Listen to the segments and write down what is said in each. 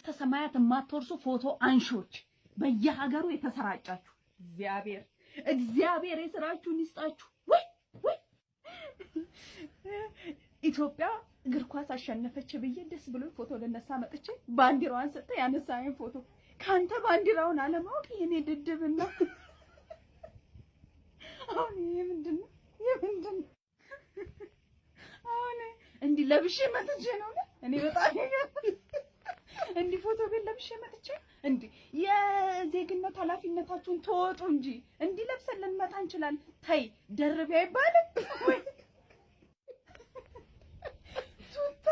መንግስተ ሰማያት የማትወርሱ ፎቶ አንሾች በየሀገሩ የተሰራጫችሁ እግዚአብሔር እግዚአብሔር የስራችሁን ይስጣችሁ። ወይ ወይ ኢትዮጵያ እግር ኳስ አሸነፈች ብዬ ደስ ብሎ ፎቶ ልነሳ መጥቼ ባንዲራዋን ሰጥተህ ያነሳኸኝ ፎቶ ከአንተ ባንዲራውን አለማወቅ የኔ ድድብና አሁን ይሄ ምንድን ነው? ይሄ ምንድን ነው? አሁን እንዲህ ለብሼ መጥቼ ነው እኔ በጣም ይገርማል። እንዲህ ፎቶ ግን ለብሼ መጥቼ እንዲህ የዜግነት ኃላፊነታችሁን ተወጡ እንጂ እንዲህ ለብሰን ልንመጣ እንችላለን። ተይ ደርቢ አይባልም ቱታ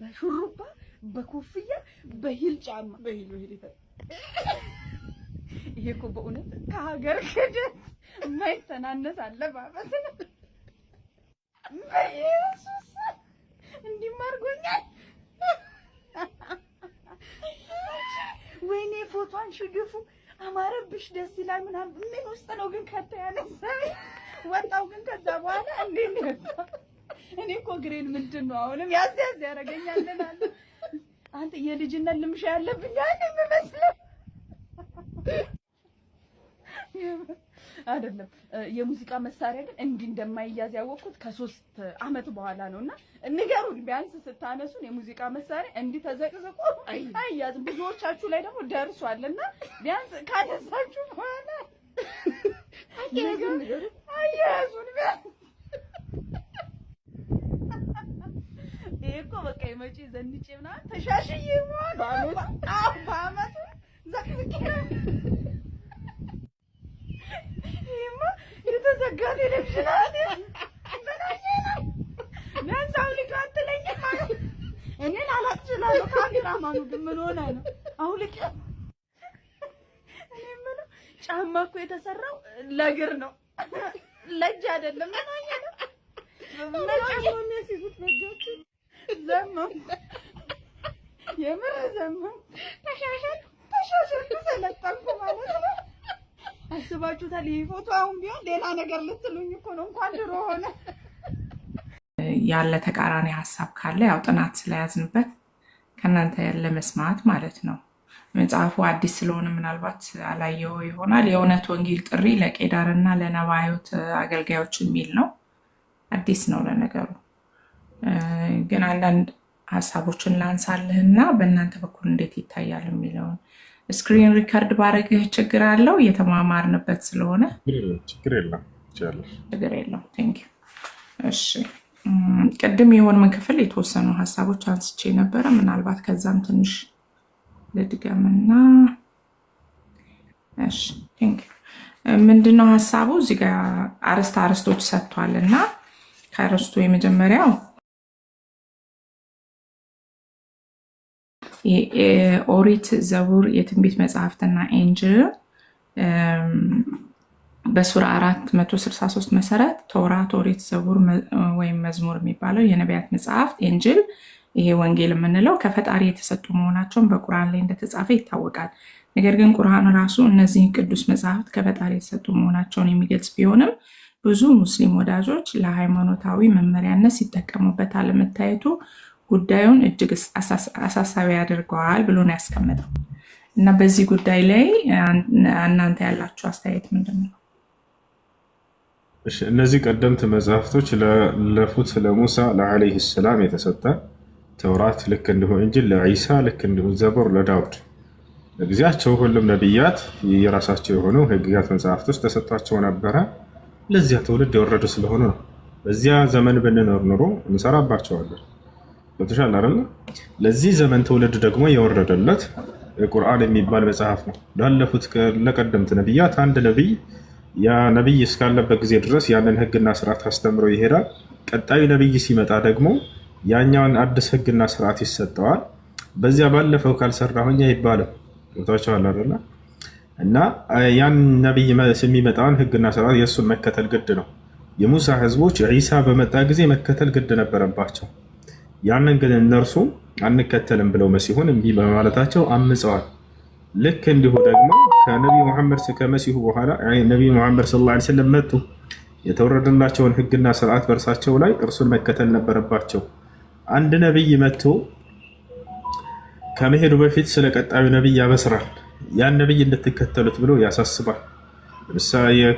በሹሩባ በኮፍያ በሂል ጫማ በሂል በሂል ይፈ ይሄ እኮ በእውነት ከሀገር ከደ የማይተናነስ አለባበስ ነው። በኢየሱስ እንዲህ ማርጎኛል። ፎቶዋን ሽድፉ አማረብሽ ደስ ይላል ምናምን ምን ውስጥ ነው ግን ከታ ያነሳ ወጣው ግን ከዛ በኋላ እንዴ እኔ እኮ ግሬን ምንድን ነው አሁንም ያዝ ያዝ ያደርገኛል አንተ የልጅነት ልምሻ ያለብኝ አይደል የምመስለው አይደለም። የሙዚቃ መሳሪያ ግን እንዲህ እንደማይያዝ ያወቅኩት ከሶስት አመት በኋላ ነው። እና ንገሩን ቢያንስ ስታነሱን የሙዚቃ መሳሪያ እንዲህ ተዘቅዝቆ አይያዝም። ብዙዎቻችሁ ላይ ደግሞ ደርሷል። እና ቢያንስ ካነሳችሁ በኋላ አያያዙን ቢያንስ ይሄ እኮ በቃ የመጪ ዘንጬ ምናምን ተሻሽዬ በአመቱ ዘቅዝቄ ይህማ የተዘጋ ቴሌቪዥን አለ። ለዛው ልጁ አትለኝም ካሜራማኑ ግን ምን ሆነ ነው አውልቄ። እኔ የምለው ጫማ እኮ የተሰራው ለእግር ነው ለእጅ አይደለም። ምን ሆኜ ነው ዘመም የምር ዘመም ተሻሻል ተሻሻል ተሰለጠንኩ ማለት ነው። አስባችሁታል? ይህ ፎቶ አሁን ቢሆን ሌላ ነገር ልትሉኝ እኮ ነው። እንኳን ድሮ ሆነ ያለ ተቃራኒ ሀሳብ ካለ ያው ጥናት ስለያዝንበት ከእናንተ ለመስማት ማለት ነው። መጽሐፉ አዲስ ስለሆነ ምናልባት አላየው ይሆናል። የእውነት ወንጌል ጥሪ ለቄዳርና ለነባዮት አገልጋዮች የሚል ነው። አዲስ ነው ለነገሩ። ግን አንዳንድ ሀሳቦችን ላንሳልህና በእናንተ በኩል እንዴት ይታያል የሚለውን ስክሪን ሪከርድ ባረግህ ችግር አለው? እየተማማርንበት ስለሆነ ችግር የለም። እሺ፣ ቅድም የሆን ምን ክፍል የተወሰኑ ሀሳቦች አንስቼ ነበረ። ምናልባት ከዛም ትንሽ ልድገምና ምንድነው ሀሳቡ እዚጋ ጋር አርዕስት አርዕስቶች ሰጥቷል እና ከአርዕስቱ የመጀመሪያው ኦሪት ዘቡር የትንቢት መጽሐፍትና ኤንጅል በሱራ 463 መሰረት ቶራ ኦሪት ዘቡር ወይም መዝሙር የሚባለው የነቢያት መጽሐፍት ኤንጅል ይሄ ወንጌል የምንለው ከፈጣሪ የተሰጡ መሆናቸውን በቁርአን ላይ እንደተጻፈ ይታወቃል ነገር ግን ቁርአን ራሱ እነዚህ ቅዱስ መጽሐፍት ከፈጣሪ የተሰጡ መሆናቸውን የሚገልጽ ቢሆንም ብዙ ሙስሊም ወዳጆች ለሃይማኖታዊ መመሪያነት ሲጠቀሙበት አለመታየቱ ጉዳዩን እጅግ አሳሳቢ ያደርገዋል ብሎ ነው ያስቀመጠው። እና በዚህ ጉዳይ ላይ እናንተ ያላችሁ አስተያየት ምንድን ነው? እነዚህ ቀደምት መጽሐፍቶች ለፉት ለሙሳ ለዓለይህ ሰላም የተሰጠ ተውራት ልክ እንዲሁ እንጂል ለዒሳ ልክ እንዲሁ ዘቡር ለዳውድ ጊዜያቸው ሁሉም ነቢያት የራሳቸው የሆኑ ህግጋት መጽሐፍቶች ተሰጥቷቸው ነበረ። ለዚያ ትውልድ የወረዱ ስለሆኑ ነው። በዚያ ዘመን ብንኖር ኑሮ እንሰራባቸዋለን። ገብቶሻል አይደል? ለዚህ ዘመን ትውልድ ደግሞ የወረደለት ቁርአን የሚባል መጽሐፍ ነው። ላለፉት ለቀደምት ነቢያት አንድ ነቢይ ያ ነቢይ እስካለበት ጊዜ ድረስ ያንን ህግና ስርዓት አስተምሮ ይሄዳል። ቀጣዩ ነቢይ ሲመጣ ደግሞ ያኛውን አዲስ ህግና ስርዓት ይሰጠዋል። በዚያ ባለፈው ካልሰራሁኝ አይባልም። ገብታችኋል አይደለ? እና ያን ነቢይ የሚመጣውን ህግና ስርዓት የእሱን መከተል ግድ ነው። የሙሳ ህዝቦች ዒሳ በመጣ ጊዜ መከተል ግድ ነበረባቸው። ያንን ግን እነርሱ አንከተልም ብለው መሲሁን እምቢ በማለታቸው አምፀዋል። ልክ እንዲሁ ደግሞ ከነቢዩ መሐመድ ከመሲሁ በኋላ ነቢ ሙሐመድ ሰለላሁ ዓለይሂ ወሰለም መጡ። የተወረደላቸውን ህግና ስርዓት በእርሳቸው ላይ እርሱን መከተል ነበረባቸው። አንድ ነቢይ መጥቶ ከመሄዱ በፊት ስለ ቀጣዩ ነቢይ ያበስራል። ያን ነቢይ እንድትከተሉት ብሎ ያሳስባል።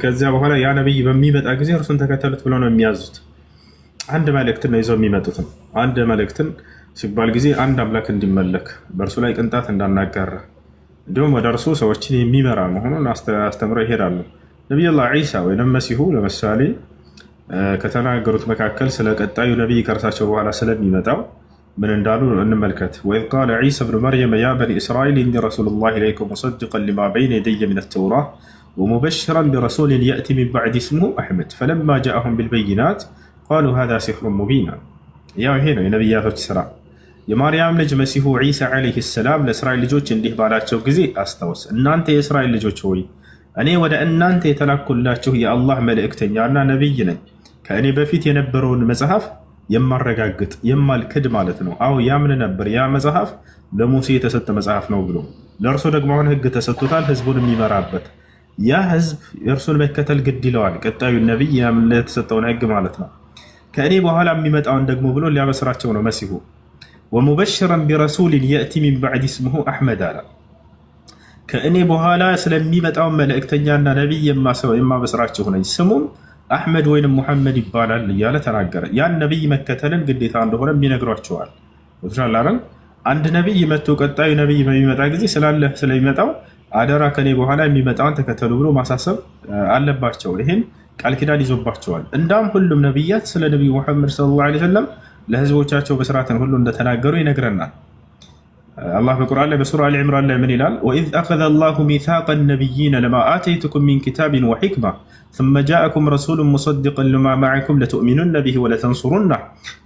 ከዚያ በኋላ ያ ነቢይ በሚመጣ ጊዜ እርሱን ተከተሉት ብሎ ነው የሚያዙት። አንድ መልእክትን ነው ይዘው የሚመጡትም አንድ መልእክትን ሲባል ጊዜ አንድ አምላክ እንዲመለክ በእርሱ ላይ ቅንጣት እንዳናጋራ እንዲሁም ወደ እርሱ ሰዎችን የሚመራ መሆኑን አስተምረው ይሄዳሉ። ነቢዩላህ ዒሳ ወይም መሲሁ ለምሳሌ ከተናገሩት መካከል ስለ ቀጣዩ ነቢይ ከእርሳቸው በኋላ ስለሚመጣው ምን እንዳሉ እንመልከት። ወኢዝ ቃለ ዒሳ ብኑ መርየም ያ በኒ እስራኤል ኢኒ ረሱሉላህ ኢለይኩም ሙሰዲቀን ሊማ በይነ የደየ ሚነ ተውራ ወሙበሽራን ቢረሱሊን የእቲ ሚን ባዕድ ስሙሁ አሕመድ ፈለማ ጃአሁም ቢልበይናት ቃሉ ሃዛ ሲሕሩን ሙቢና ያው ይሄ ነው የነቢያቶች ስራ። የማርያም ልጅ መሲሁ ዒሳ ዓለይህ ሰላም ለእስራኤል ልጆች እንዲህ ባላቸው ጊዜ አስታውስ፣ እናንተ የእስራኤል ልጆች ሆይ እኔ ወደ እናንተ የተላኩላችሁ የአላህ መልእክተኛና ነቢይ ነኝ። ከእኔ በፊት የነበረውን መጽሐፍ የማረጋግጥ የማልክድ ማለት ነው። አዎ ያምን ነበር፣ ያ መጽሐፍ ለሙሴ የተሰጠ መጽሐፍ ነው ብሎ ለእርሱ ደግሞ አሁን ህግ ተሰጥቶታል፣ ህዝቡን የሚመራበት ያ ህዝብ የእርሱን መከተል ግድ ይለዋል። ቀጣዩ ነቢይ ለተሰጠውን ህግ ማለት ነው። ከእኔ በኋላ የሚመጣውን ደግሞ ብሎ ሊያበስራቸው ነው መሲሁ። ወሙበሽረን ቢረሱልን የእቲ ሚን ባዕድ ስምሁ አሕመድ አላ ከእኔ በኋላ ስለሚመጣውን መልእክተኛና ነቢይ የማበስራችሁ ነኝ፣ ስሙም አሕመድ ወይንም ሙሐመድ ይባላል እያለ ተናገረ። ያን ነቢይ መከተልን ግዴታ እንደሆነ የሚነግሯቸዋል። አንድ ነቢይ መቶ ቀጣዩ ነቢይ በሚመጣ ጊዜ ስላለ ስለሚመጣው አደራ ከኔ በኋላ የሚመጣውን ተከተሉ ብሎ ማሳሰብ አለባቸው። ይህን ቃል ኪዳን ይዞባቸዋል። እንዳውም ሁሉም ነቢያት ስለ ነቢዩ ሙሐመድ ሰለላሁ ዐለይሂ ወሰለም ለህዝቦቻቸው በስርዓትን ሁሉ እንደተናገሩ ይነግረናል። አላህ በቁርአን ላይ በሱራ አሊ ዕምራን ላይ ምን ይላል? وإذ أخذ الله ሚታቀ ነቢይነ لما آتيتكم من كتاب وحكمة ثم جاءكم رسول مصدق لما معكم لتؤمنن به ولتنصرنه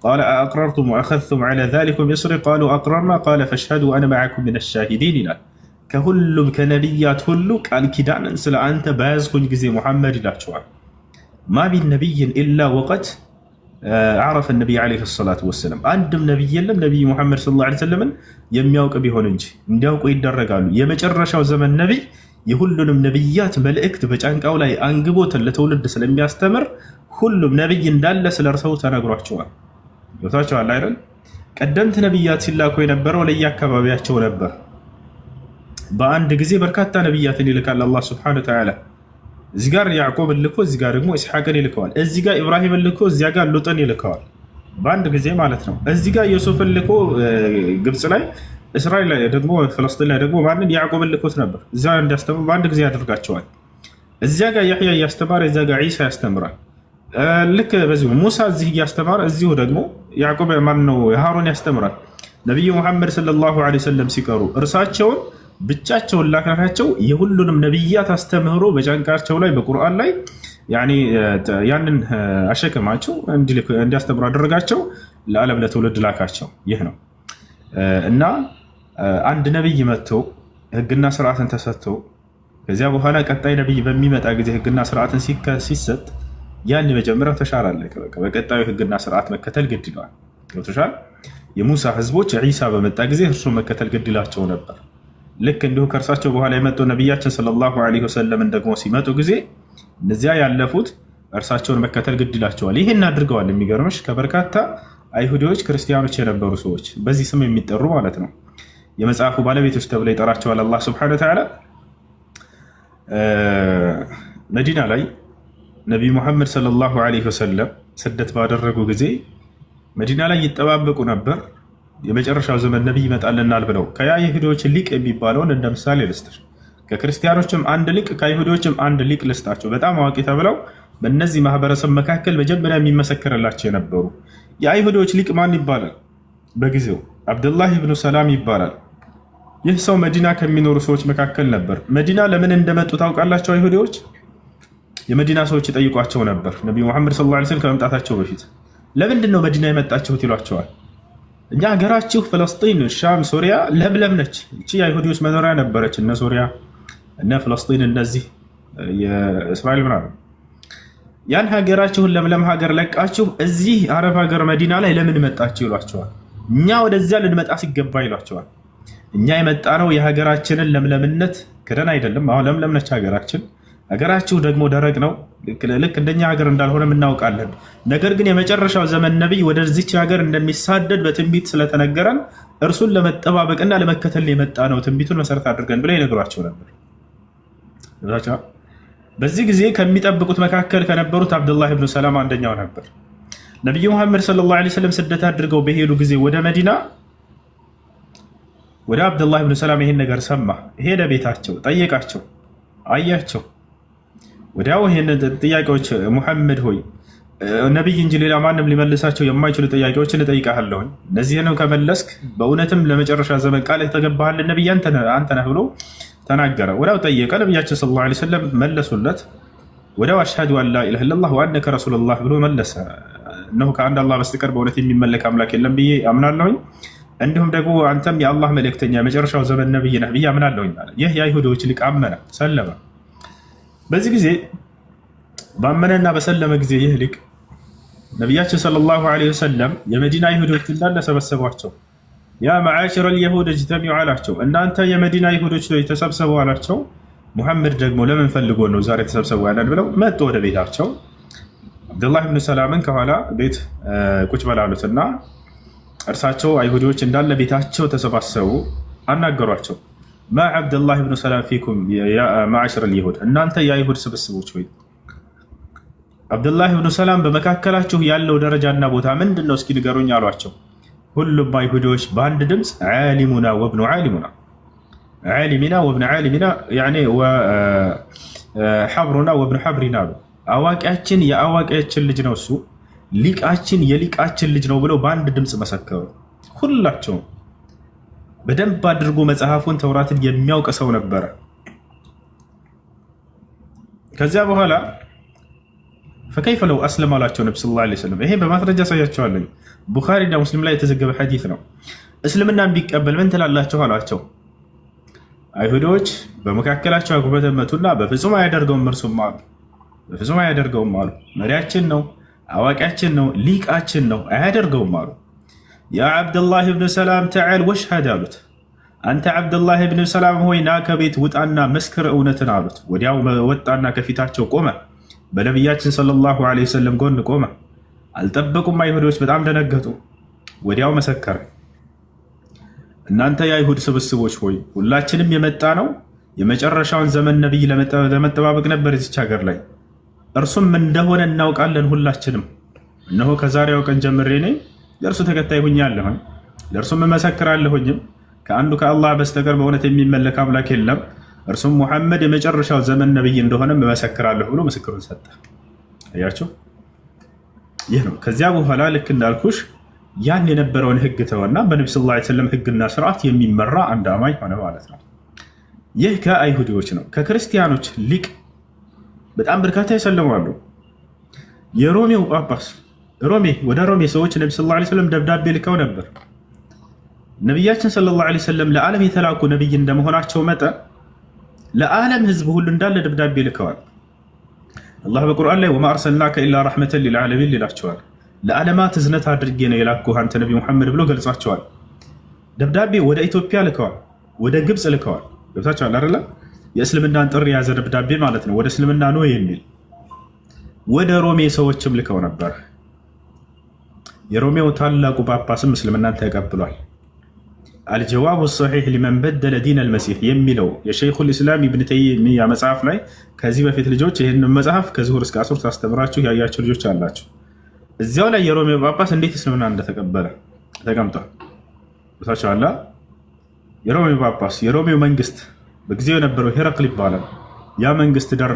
قال أأقررتم وأخذتم على ذلكم يسري قالوا أقررنا قال فاشهدوا أنا معكم من الشاهدين إلى كهلم كنبيات هلو قال كدان أنت بازكم جزي محمد لا شوان ማ ሚን ነቢይን ኢላ ወቀት አረፈ ነቢይ ዓለይሂ ሰላቱ ወሰላም። አንድም ነቢይ የለም ነቢይ ሙሐመድ ሰለላሁ ዓለይሂ ወሰለምን የሚያውቅ ቢሆን እንጂ እንዲያውቁ ይደረጋሉ። የመጨረሻው ዘመን ነቢይ የሁሉንም ነቢያት መልእክት በጫንቃው ላይ አንግቦትን ለትውልድ ስለሚያስተምር ሁሉም ነቢይ እንዳለ ስለ እርሰው ተነግሯቸዋል። ገብታቸዋል አይደል? ቀደምት ነቢያት ሲላኩ የነበረው ለየአካባቢያቸው ነበር። በአንድ ጊዜ በርካታ ነቢያትን ይልካል አላህ ሱብሓነሁ ወተዓላ እዚህ ጋር ያዕቆብን ልኮ እዚህ ጋር ደግሞ ኢስሐቅን ይልከዋል። እዚህ ጋር ኢብራሂምን ልኮ እዚያ ጋር ሉጥን ይልከዋል። በአንድ ጊዜ ማለት ነው። እዚህ ጋር ዮሱፍን ልኮ ግብፅ ላይ፣ እስራኤል ላይ ደግሞ ፍለስጢን ላይ ደግሞ ማንን ያዕቆብን ልኮት ነበር እዚያ እንዲያስተምሩ በአንድ ጊዜ ያደርጋቸዋል። እዚያ ጋር ያሕያ እያስተማረ እዚያ ጋር ዒሳ ያስተምራል። ልክ በዚሁ ሙሳ እዚህ እያስተማረ እዚሁ ደግሞ ያዕቆብ ማን ነው ሃሩን ያስተምራል። ነቢዩ ሙሐመድ ሰለላሁ ዓለይሂ ወሰለም ሲቀሩ እርሳቸውን ብቻቸውን ላካካቸው የሁሉንም ነቢያት አስተምህሮ በጫንቃቸው ላይ በቁርአን ላይ ያንን አሸክማቸው እንዲያስተምሩ አደረጋቸው። ለዓለም ለትውልድ ላካቸው። ይህ ነው እና አንድ ነቢይ መጥቶ ህግና ስርዓትን ተሰጥቶ ከዚያ በኋላ ቀጣይ ነቢይ በሚመጣ ጊዜ ህግና ስርዓትን ሲሰጥ ያን መጀመሪያ ተሻላለህ በቀጣዩ ህግና ስርዓት መከተል ግድ ይለዋል። ገብቶሻል? የሙሳ ህዝቦች ዒሳ በመጣ ጊዜ እርሱ መከተል ግድ ይላቸው ነበር። ልክ እንዲሁ ከእርሳቸው በኋላ የመጡ ነቢያችን ሰለላሁ ዐለይሂ ወሰለምን ደግሞ ሲመጡ ጊዜ እነዚያ ያለፉት እርሳቸውን መከተል ግድ ይላቸዋል። ይህን አድርገዋል። የሚገርምሽ ከበርካታ አይሁዲዎች፣ ክርስቲያኖች የነበሩ ሰዎች በዚህ ስም የሚጠሩ ማለት ነው የመጽሐፉ ባለቤቶች ተብለው ይጠራቸዋል አላህ ስብሐነ ወተዓላ። መዲና ላይ ነቢይ ሙሐመድ ሰለላሁ ዐለይሂ ወሰለም ስደት ባደረጉ ጊዜ መዲና ላይ ይጠባበቁ ነበር። የመጨረሻው ዘመን ነቢይ ይመጣልናል ብለው ከያይሁዶች ሊቅ የሚባለውን እንደ ምሳሌ ልስጥር። ከክርስቲያኖችም አንድ ሊቅ ከአይሁዶችም አንድ ሊቅ ልስጣቸው። በጣም አዋቂ ተብለው በእነዚህ ማህበረሰብ መካከል መጀመሪያ የሚመሰከርላቸው የነበሩ የአይሁዶች ሊቅ ማን ይባላል? በጊዜው አብድላህ ብኑ ሰላም ይባላል። ይህ ሰው መዲና ከሚኖሩ ሰዎች መካከል ነበር። መዲና ለምን እንደመጡ ታውቃላቸው? አይሁዴዎች የመዲና ሰዎች ይጠይቋቸው ነበር። ነቢዩ መሐመድ ሰለላሁ ወሰለም ከመምጣታቸው በፊት ለምንድን ነው መዲና የመጣችሁት ይሏቸዋል። እኛ ሀገራችሁ ፍለስጢን፣ ሻም፣ ሱሪያ ለምለም ነች። እቺ የአይሁዲዎች መኖሪያ ነበረች። እነ ሱሪያ እነ ፍለስጢን እነዚህ የእስራኤል ምናምን ያን ሀገራችሁን ለምለም ሀገር ለቃችሁ እዚህ አረብ ሀገር መዲና ላይ ለምን መጣችሁ ይሏቸዋል። እኛ ወደዚያ ልንመጣ ሲገባ ይሏቸዋል። እኛ የመጣ ነው የሀገራችንን ለምለምነት ክደን አይደለም። አሁን ለምለም ነች ሀገራችን ሀገራችሁ ደግሞ ደረቅ ነው። ልክ እንደኛ ሀገር እንዳልሆነም እናውቃለን። ነገር ግን የመጨረሻው ዘመን ነቢይ ወደዚች ሀገር እንደሚሳደድ በትንቢት ስለተነገረን እርሱን ለመጠባበቅና ለመከተል የመጣ ነው ትንቢቱን መሰረት አድርገን ብለው ይነግሯቸው ነበር። በዚህ ጊዜ ከሚጠብቁት መካከል ከነበሩት አብዱላህ ብኑ ሰላም አንደኛው ነበር። ነቢዩ መሐመድ ሰለላሁ ዓለይሂ ወሰለም ስደት አድርገው በሄዱ ጊዜ ወደ መዲና ወደ አብዱላህ ብኑ ሰላም ይሄን ነገር ሰማ። ሄደ ቤታቸው፣ ጠየቃቸው፣ አያቸው ወዲያው ይህን ጥያቄዎች ሙሐመድ ሆይ ነቢይ እንጂ ሌላ ማንም ሊመልሳቸው የማይችሉ ጥያቄዎችን እጠይቃለሁኝ። እነዚህንም ከመለስክ በእውነትም ለመጨረሻ ዘመን ቃል የተገባሃል ነቢይ አንተ ነህ ብሎ ተናገረ። ወዲያው ጠየቀ። ነቢያችን ሰለላሁ ዐለይሂ ወሰለም መለሱለት። ወዲያው አሽሀዱ አን ላኢላሀ ኢለላህ ወአነከ ረሱሉላህ ብሎ መለሰ። እነሆ ከአንድ አላህ በስተቀር በእውነት የሚመለክ አምላክ የለም ብዬ አምናለሁኝ። እንዲሁም ደግሞ አንተም የአላህ መልእክተኛ የመጨረሻው ዘመን ነብይ ነህ ብዬ አምናለሁኝ። ይህ የአይሁዶች ሊቅ አመነ፣ ሰለመ። በዚህ ጊዜ ባመነና በሰለመ ጊዜ ይህ ሊቅ ነቢያችን ሰለላሁ ዐለይሂ ወሰለም የመዲና ይሁዶች እንዳለ ሰበሰቧቸው። ያ መዓሽረ ልየሁድ እጅተሚዑ አላቸው። እናንተ የመዲና ይሁዶች ተሰብሰቡ አላቸው። ሙሐመድ ደግሞ ለምን ፈልጎ ነው ዛሬ ተሰብሰቡ ያለን ብለው መጡ ወደ ቤታቸው። አብዱላህ ብን ሰላምን ከኋላ ቤት ቁጭ በላሉትና እርሳቸው አይሁዶች እንዳለ ቤታቸው ተሰባሰቡ፣ አናገሯቸው ማ ዓብድላህ ብኑ ሰላም ፊኩም ማዕሽር ልይሁድ እናንተ የአይሁድ ስብስቦች ወይ አብድላህ ብኑ ሰላም በመካከላችሁ ያለው ደረጃና ቦታ ምንድን ነው? እስኪ ንገሩኝ አሏቸው። ሁሉም አይሁዶች በአንድ ድምፅ ዓሊሙና ወብኑ ዓሊሙና ዓሊሚና ወብኑ ዓሊሚና ሐብሩና ወብኑ ሐብሪና አሉ። አዋቂያችን የአዋቂያችን ልጅ ነው እሱ፣ ሊቃችን የሊቃችን ልጅ ነው ብለው በአንድ ድምፅ መሰከሩ ሁላቸውም በደንብ አድርጎ መጽሐፉን ተውራትን የሚያውቅ ሰው ነበረ። ከዚያ በኋላ ፈከይፈ ለው አስለም አሏቸው ነብ ስለ ላ ስለም። ይሄ በማስረጃ አሳያቸዋለሁ። ቡኻሪና ሙስሊም ላይ የተዘገበ ሐዲት ነው። እስልምና ቢቀበል ምን ትላላቸው አሏቸው። አይሁዶች በመካከላቸው አጉበተመቱና በፍጹም አያደርገውም እርሱም አሉ፣ በፍጹም አያደርገውም አሉ። መሪያችን ነው፣ አዋቂያችን ነው፣ ሊቃችን ነው፣ አያደርገውም አሉ። ያ ዓብደላህ ብን ሰላም ተዓል ወሽሀድ አሉት። አንተ ዓብደላህ ብን ሰላም ሆይ ና ከቤት ውጣና መስክር እውነትን አሉት። ወዲያው ወጣና ከፊታቸው ቆመ። በነቢያችን ሰለላሁ ዐለይሂ ወሰለም ጎን ቆመ። አልጠበቁም። አይሁዶች በጣም ደነገጡ። ወዲያው መሰከረ። እናንተ የአይሁድ ስብስቦች ሆይ ሁላችንም የመጣ ነው የመጨረሻውን ዘመን ነቢይ ለመጠባበቅ ነበር እዚች ሀገር ላይ እርሱም እንደሆነ እናውቃለን ሁላችንም። እነሆ ከዛሬው ቀን ጀምሬ እኔ ለእርሱ ተከታይ ሁኛለሁኝ ለእርሱም እመሰክራለሁኝም ከአንዱ ከአላህ በስተቀር በእውነት የሚመለክ አምላክ የለም እርሱም ሙሐመድ የመጨረሻው ዘመን ነብይ እንደሆነ እመሰክራለሁ ብሎ ምስክሩን ሰጠ። አያችሁ፣ ይህ ነው። ከዚያ በኋላ ልክ እንዳልኩሽ ያን የነበረውን ህግ ተወና በነቢ ስ ስለም ህግና ስርዓት የሚመራ አንድ አማኝ ሆነ ማለት ነው። ይህ ከአይሁዲዎች ነው። ከክርስቲያኖች ሊቅ በጣም በርካታ ይሰልማሉ። የሮሜው ጳጳስ ሮሜ ወደ ሮሜ ሰዎች ነቢ ስ ላ ስለም ደብዳቤ ልከው ነበር። ነቢያችን ስለ ላ ስለም ለዓለም የተላኩ ነቢይ እንደመሆናቸው መጠን ለዓለም ህዝብ ሁሉ እንዳለ ደብዳቤ ልከዋል። አላህ በቁርአን ላይ ወማ አርሰልናከ ኢላ ረሕመተን ሊልዓለሚን ይላቸዋል። ለዓለማት እዝነት አድርጌ ነው የላኩህ አንተ ነቢ ሙሐመድ ብሎ ገልጿቸዋል። ደብዳቤ ወደ ኢትዮጵያ ልከዋል፣ ወደ ግብፅ ልከዋል። ገብታቸዋል አይደለ? የእስልምናን ጥሪ የያዘ ደብዳቤ ማለት ነው። ወደ እስልምና ኖ የሚል ወደ ሮሜ ሰዎችም ልከው ነበር የሮሜው ታላቁ ጳጳስም እስልምናን ተቀብሏል። አልጀዋቡ ሰሒሕ ሊመን በደለ ዲን አልመሲሕ የሚለው የሸይኹል ኢስላም ኢብን ተይሚያ መጽሐፍ ላይ ከዚህ በፊት ልጆች ይህን መጽሐፍ ከዝሁር እስከ አሱር ታስተምራችሁ ያያቸው ልጆች አላቸው። እዚያው ላይ የሮሜው ጳጳስ እንዴት እስልምና እንደተቀበለ ተቀምጧል። አላ የሮሜው ጳጳስ የሮሜው መንግስት በጊዜው የነበረው ሄረክል ይባላል። ያ መንግስት ደረ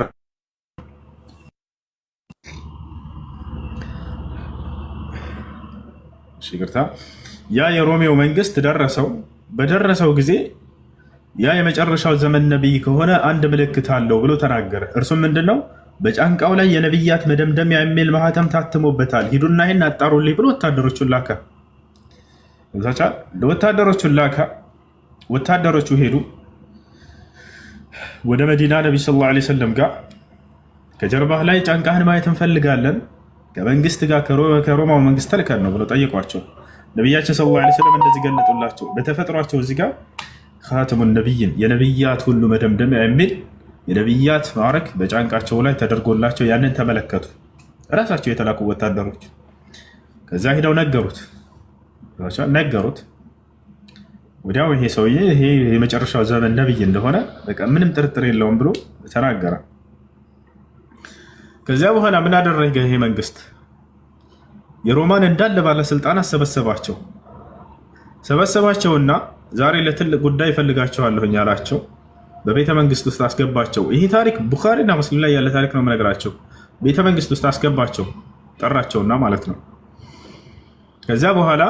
ይቅርታ ያ የሮሜው መንግስት ደረሰው። በደረሰው ጊዜ ያ የመጨረሻው ዘመን ነቢይ ከሆነ አንድ ምልክት አለው ብሎ ተናገረ። እርሱም ምንድን ነው? በጫንቃው ላይ የነቢያት መደምደሚያ የሚል ማህተም ታትሞበታል፣ ሂዱና ይህን አጣሩልኝ ብሎ ወታደሮቹን ላካ። ወታደሮቹን ላከ። ወታደሮቹ ሄዱ ወደ መዲና ነቢ ስ ላ ሰለም ጋር ከጀርባህ ላይ ጫንቃህን ማየት እንፈልጋለን ከመንግስት ጋር ከሮማው መንግስት ተልከን ነው ብሎ ጠይቋቸው። ነቢያችን ሰለላሁ ዐለይሂ ወሰለም እንደዚህ ገለጡላቸው። በተፈጥሯቸው እዚህ ጋር ካተሙ ነቢይን የነቢያት ሁሉ መደምደሚያ የሚል የነቢያት ማዕረግ በጫንቃቸው ላይ ተደርጎላቸው ያንን ተመለከቱ። እራሳቸው የተላኩ ወታደሮች ከዛ ሂደው ነገሩት ነገሩት። ወዲያው ይሄ ሰውዬ ይሄ የመጨረሻው ዘመን ነቢይ እንደሆነ በቃ ምንም ጥርጥር የለውም ብሎ ተናገረ። ከዚያ በኋላ ምን አደረገ ይሄ መንግስት? የሮማን እንዳለ ባለስልጣን ሰበሰባቸው። ሰበሰባቸውና ዛሬ ለትልቅ ጉዳይ ይፈልጋቸዋለሁኝ አላቸው። በቤተ መንግስት ውስጥ አስገባቸው። ይሄ ታሪክ ቡኻሪና ሙስሊም ላይ ያለ ታሪክ ነው የምነግራቸው። ቤተ መንግስት ውስጥ አስገባቸው ጠራቸውና ማለት ነው። ከዚያ በኋላ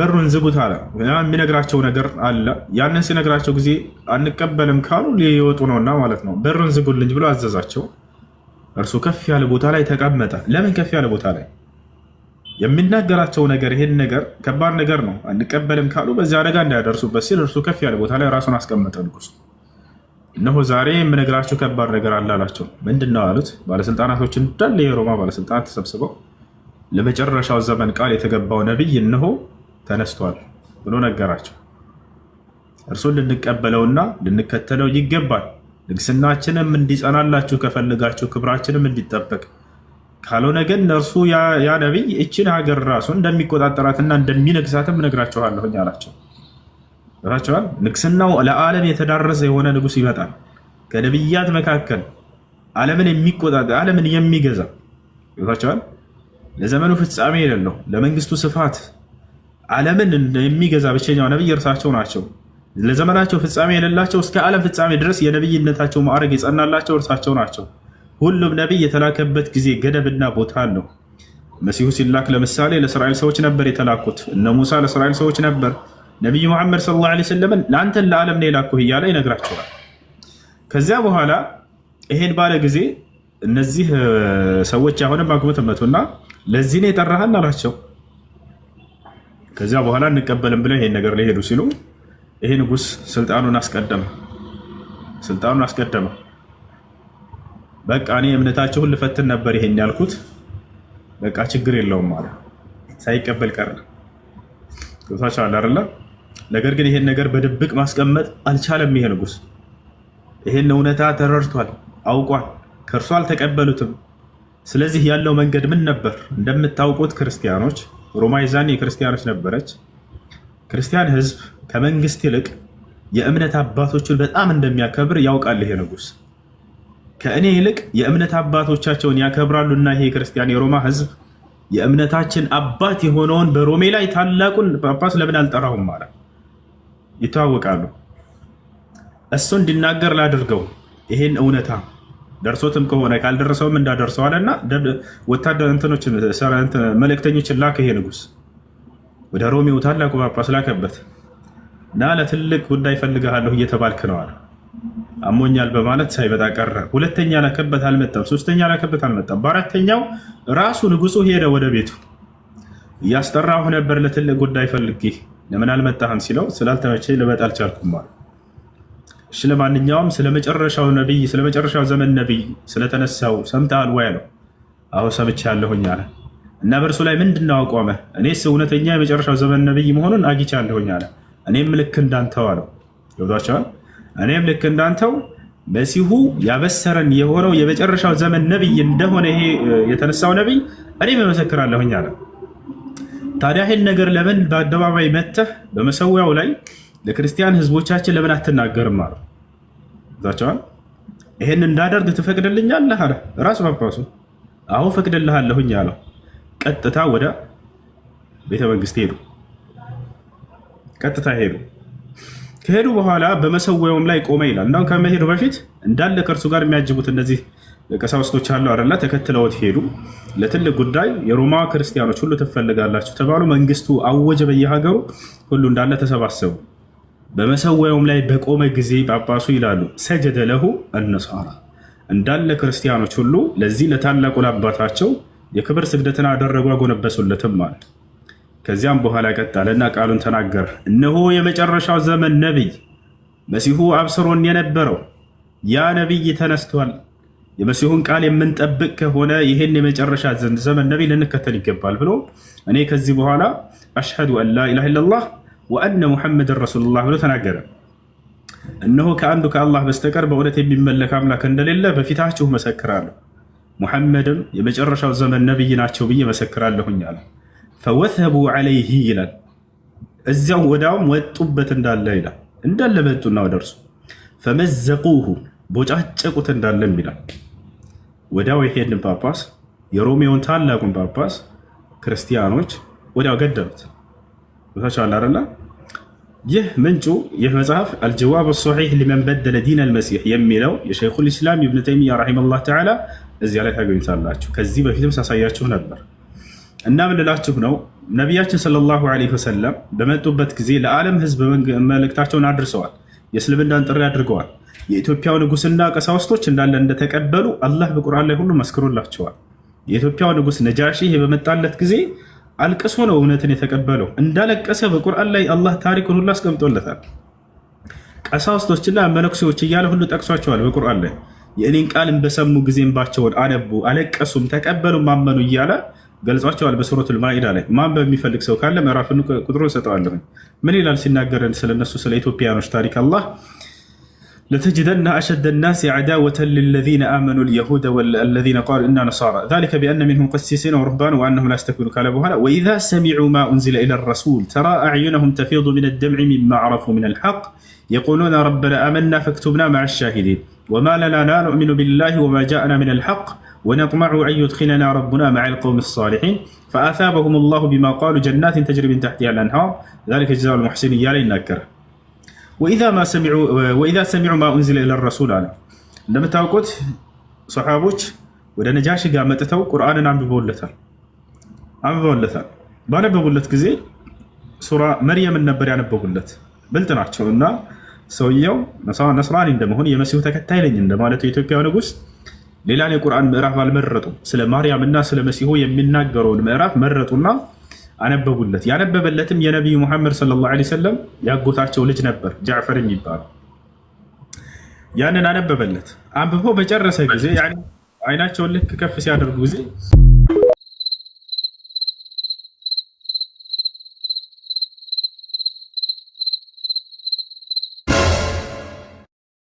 በሩን ዝጉት አለ። የሚነግራቸው ነገር አለ። ያንን ሲነግራቸው ጊዜ አንቀበልም ካሉ ሊወጡ ነውና ማለት ነው። በሩን ዝጉልኝ ብሎ አዘዛቸው። እርሱ ከፍ ያለ ቦታ ላይ ተቀመጠ። ለምን ከፍ ያለ ቦታ ላይ? የሚናገራቸው ነገር ይሄን ነገር ከባድ ነገር ነው አንቀበልም ካሉ በዚህ አደጋ እንዳያደርሱበት ሲል እርሱ ከፍ ያለ ቦታ ላይ ራሱን አስቀመጠ። ንጉስ እነሆ ዛሬ የምነግራቸው ከባድ ነገር አላላቸው ምንድነው ምንድን ነው አሉት። ባለስልጣናቶች እንዳለ የሮማ ባለስልጣናት ተሰብስበው ለመጨረሻው ዘመን ቃል የተገባው ነቢይ እነሆ ተነስቷል ብሎ ነገራቸው። እርሱን ልንቀበለውና ልንከተለው ይገባል ንግስናችንም እንዲጸናላችሁ ከፈልጋችሁ ክብራችንም እንዲጠበቅ ካልሆነ ግን እርሱ ያ ነቢይ እችን ሀገር ራሱ እንደሚቆጣጠራትና እንደሚነግሳትም እነግራችኋለሁኝ አላቸው። ራቸዋል ንግስናው ለዓለም የተዳረሰ የሆነ ንጉስ ይመጣል። ከነቢያት መካከል ዓለምን የሚቆጣጠር ዓለምን የሚገዛ ቸዋል ለዘመኑ ፍጻሜ የሌለው ለመንግስቱ ስፋት ዓለምን የሚገዛ ብቸኛው ነቢይ እርሳቸው ናቸው። ለዘመናቸው ፍጻሜ የሌላቸው እስከ ዓለም ፍጻሜ ድረስ የነብይነታቸው ማዕረግ የጸናላቸው እርሳቸው ናቸው። ሁሉም ነቢይ የተላከበት ጊዜ ገደብና ቦታ አለው። መሲሁ ሲላክ ለምሳሌ ለእስራኤል ሰዎች ነበር የተላኩት። እነ ሙሳ ለእስራኤል ሰዎች ነበር። ነቢዩ መሐመድ ሰለላሁ ዐለይሂ ወሰለምን ለአንተን ለዓለም ነው የላኩህ እያለ ይነግራቸዋል። ከዚያ በኋላ ይሄን ባለ ጊዜ እነዚህ ሰዎች አሁንም አግቡት መቱና ለዚህ ነው የጠራህን አላቸው። ከዚያ በኋላ እንቀበልም ብለው ይሄን ነገር ሊሄዱ ሲሉ ይሄ ንጉስ ስልጣኑን አስቀደመ ስልጣኑን አስቀደመ። በቃ እኔ እምነታቸውን ልፈትን ነበር ይሄን ያልኩት፣ በቃ ችግር የለውም አለ። ሳይቀበል ቀረ። ገብታቸው አለ ነገር ግን ይሄን ነገር በድብቅ ማስቀመጥ አልቻለም። ይሄ ንጉስ ይሄን እውነታ ተረድቷል፣ አውቋል። ከእርሱ አልተቀበሉትም። ስለዚህ ያለው መንገድ ምን ነበር? እንደምታውቁት ክርስቲያኖች ሮማ የዛኔ የክርስቲያኖች ነበረች ክርስቲያን ህዝብ ከመንግስት ይልቅ የእምነት አባቶችን በጣም እንደሚያከብር ያውቃል። ይሄ ንጉስ ከእኔ ይልቅ የእምነት አባቶቻቸውን ያከብራሉና ይሄ ክርስቲያን የሮማ ህዝብ የእምነታችን አባት የሆነውን በሮሜ ላይ ታላቁን ጳጳስ ለምን አልጠራሁም ማለት ይታወቃሉ። እሱ እንዲናገር ላድርገው ይሄን እውነታ ደርሶትም ከሆነ ካልደረሰውም እንዳደርሰዋልና ወታደር እንትኖችን መልእክተኞችን ላክ ይሄ ንጉስ ወደ ሮሜው ታላቁ ጳጳስ ላከበት እና ለትልቅ ጉዳይ ፈልግሃለሁ እየተባልክ ነው አለ። አሞኛል በማለት ሳይበጣ ቀረ። ሁለተኛ ላከበት አልመጣም። ሶስተኛ ላከበት አልመጣም። በአራተኛው ራሱ ንጉሱ ሄደ ወደ ቤቱ። እያስጠራሁ ነበር ለትልቅ ጉዳይ ፈልጌ ለምን አልመጣህም ሲለው ስላልተመቼ ልመጣ አልቻልኩም አለ። እሺ ለማንኛውም ስለመጨረሻው መጨረሻው ነቢይ ስለ ዘመን ነቢይ ስለተነሳው ሰምተሃል ወይ አለው። አሁን ሰምቻለሁኝ አለ። እና በእርሱ ላይ ምንድን ነው አቋመ? እኔስ እውነተኛ የመጨረሻው ዘመን ነብይ መሆኑን አግኝቻለሁኝ አለ። እኔም ልክ እንዳንተው አለው። ገብቷቸዋል። እኔም ልክ እንዳንተው መሲሁ ያበሰረን የሆነው የመጨረሻው ዘመን ነብይ እንደሆነ ይሄ የተነሳው ነብይ እኔም እመሰክራለሁኝ አለ። ታዲያ ይህን ነገር ለምን በአደባባይ መተህ በመሰዊያው ላይ ለክርስቲያን ህዝቦቻችን ለምን አትናገርም አለ። ገብቷቸዋል። ይህን እንዳደርግ ትፈቅድልኛለህ አለ። ራሱ ጳጳሱ አሁ ፈቅድልሃለሁኝ አለው። ቀጥታ ወደ ቤተ መንግስት ሄዱ። ቀጥታ ሄዱ። ከሄዱ በኋላ በመሰወያውም ላይ ቆመ ይላል። እንዳሁም ከመሄዱ በፊት እንዳለ ከእርሱ ጋር የሚያጅቡት እነዚህ ቀሳውስቶች አለው አደላ ተከትለውት ሄዱ። ለትልቅ ጉዳይ የሮማ ክርስቲያኖች ሁሉ ትፈልጋላችሁ ተባሉ። መንግስቱ አወጀ በየሀገሩ ሁሉ እንዳለ ተሰባሰቡ። በመሰወያውም ላይ በቆመ ጊዜ ጳጳሱ ይላሉ ሰጀደ ለሁ እነሳራ እንዳለ ክርስቲያኖች ሁሉ ለዚህ ለታላቁ ለአባታቸው የክብር ስግደትን አደረጉ አጎነበሱለትም ማለት ከዚያም በኋላ ቀጠለና ቃሉን ተናገረ። እነሆ የመጨረሻው ዘመን ነቢይ መሲሁ አብስሮን የነበረው ያ ነቢይ ተነስቷል። የመሲሁን ቃል የምንጠብቅ ከሆነ ይህን የመጨረሻ ዘመን ነቢይ ልንከተል ይገባል ብሎ እኔ ከዚህ በኋላ አሽሀዱ አን ኢላሃ ኢለላህ ወአነ ሙሐመድን ረሱሉላህ ብሎ ተናገረ። እነሆ ከአንዱ ከአላህ በስተቀር በእውነት የሚመለክ አምላክ እንደሌለ በፊታችሁ መሰክራለሁ ሙሐመድም የመጨረሻው ዘመን ነብይ ናቸው ብዬ መሰክራለሁኝ አለ። ፈወተቡ ይላል። እዚያው ወዳውም ወጡበት እንዳለ ይላል። እንዳለ መጡና ወደ እርሱ ፈመዘቁሁ ቦጫጨቁት እንዳለ ይላል። ወዲያው የሄድን ጳጳስ የሮሜውን ታላቁን ጳጳስ ክርስቲያኖች ወዲያው ገደሉት። ቦታቸው አላረላ ይህ ምንጩ ይህ መጽሐፍ አልጀዋብ ሶሒህ ሊመን በደለ ዲን አልመሲህ የሚለው የሸይኹል ኢስላም ኢብን ተይሚያ ረሒመሁላህ ተዓላ እዚያ ላይ ታገኙታላችሁ። ከዚህ በፊትም ሳሳያችሁ ነበር እና ምን ልላችሁ ነው ነቢያችን ሰለላሁ ዓለይሂ ወሰለም በመጡበት ጊዜ ለዓለም ህዝብ መልእክታቸውን አድርሰዋል። የእስልምናን ጥሪ አድርገዋል። የኢትዮጵያው ንጉስና ቀሳውስቶች እንዳለ እንደተቀበሉ አላህ በቁርአን ላይ ሁሉ መስክሮላቸዋል። የኢትዮጵያው ንጉስ ነጃሺ በመጣለት ጊዜ አልቅሶ ነው እውነትን የተቀበለው። እንዳለቀሰ በቁርአን ላይ አላህ ታሪኩን ሁሉ አስቀምጦለታል። ቀሳውስቶችና መነኩሴዎች እያለ ሁሉ ጠቅሷቸዋል በቁርአን ላይ የእኔን ቃል በሰሙ ጊዜም ባቸውን አነቡ፣ አለቀሱም፣ ተቀበሉ፣ ማመኑ እያለ ገልጿቸዋል በሱረቱል ማኢዳ ላይ። ማንበብ የሚፈልግ ሰው ካለ ምዕራፍን ቁጥሩ እሰጠዋለሁ። ምን ይላል ሲናገረን ስለነሱ ስለ ኢትዮጵያኖች ታሪክ አላህ لتجدن أشد الناس عداوة للذين آمنوا اليهود والذين قالوا إنا نصارى ذلك بأن منهم قسيسين ورهبان وأنهم لا يستكبرون قال أبو وإذا سمعوا ما أنزل إلى الرسول ترى أعينهم تفيض من الدمع مما عرفوا من الحق يقولون ربنا آمنا فاكتبنا مع الشاهدين وما لنا لا نؤمن بالله وما جاءنا من الحق ونطمع أن يدخلنا ربنا مع القوم الصالحين فأثابهم الله بما قالوا جنات تجري من تحتها الأنهار ذلك جزاء المحسنين يا لينكره ወኢዛ ሰሚዑ ማ ኡንዚለ ኢለ ረሱል አለ። እንደምታውቁት ሰሓቦች ወደ ነጃሺ ጋር መጥተው ቁርአንን አንብበውለታል አንብበውለታል። ባነበቡለት ጊዜ ሱራ መርየምን ነበር ያነበቡለት። ብልጥ ናቸው እና ሰውየው ነስራኒ እንደመሆን የመሲሁ ተከታይ ነኝ እንደማለቱ የኢትዮጵያ ንጉሥ ሌላን የቁርአን ምዕራፍ አልመረጡም። ስለ ማርያምና ስለ መሲሁ የሚናገረውን ምዕራፍ መረጡና አነበቡለት። ያነበበለትም የነቢዩ ሙሐመድ ሰለላሁ ዓለይሂ ወሰለም ያጎታቸው ልጅ ነበር ጃዕፈር የሚባሉ ያንን አነበበለት። አንብቦ በጨረሰ ጊዜ አይናቸውን ልክ ከፍ ሲያደርጉ ጊዜ